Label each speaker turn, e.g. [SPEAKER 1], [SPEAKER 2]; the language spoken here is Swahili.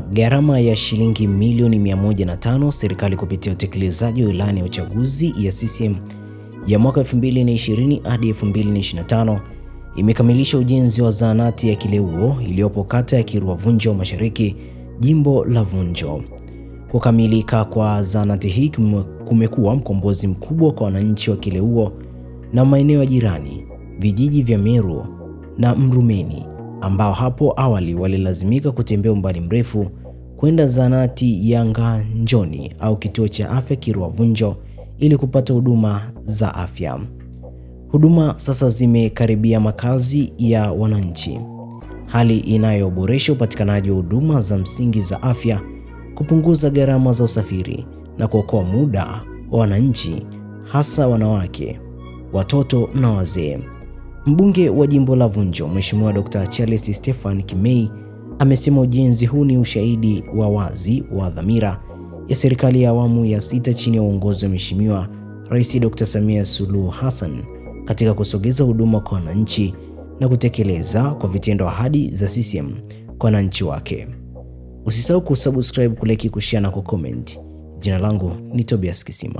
[SPEAKER 1] gharama ya shilingi milioni 105, serikali kupitia utekelezaji wa ilani ya uchaguzi ya CCM ya mwaka 2020 hadi 2025 imekamilisha ujenzi wa zahanati ya Kileuo iliyopo kata ya kirua Vunjo Mashariki, jimbo la Vunjo. Kukamilika kwa zahanati hii kumekuwa mkombozi mkubwa kwa wananchi wa Kileuo na maeneo ya jirani, vijiji vya Meru na Mrumeni ambao hapo awali walilazimika kutembea umbali mrefu kwenda zahanati ya Nganjoni au kituo cha afya kirwa vunjo ili kupata huduma za afya. Huduma sasa zimekaribia makazi ya wananchi, hali inayoboresha upatikanaji wa huduma za msingi za afya, kupunguza gharama za usafiri na kuokoa muda wa wananchi, hasa wanawake, watoto na wazee. Mbunge wa jimbo la Vunjo Mheshimiwa Dr. Charles Stefan Kimei amesema ujenzi huu ni ushahidi wa wazi wa dhamira ya serikali ya awamu ya sita chini ya uongozi wa Mheshimiwa Rais Dr. Samia Suluhu Hassan katika kusogeza huduma kwa wananchi na kutekeleza kwa vitendo ahadi za CCM kwa wananchi wake. Usisahau kusubscribe, kuleki, kushare na kucomment. Jina langu ni Tobias Kisima.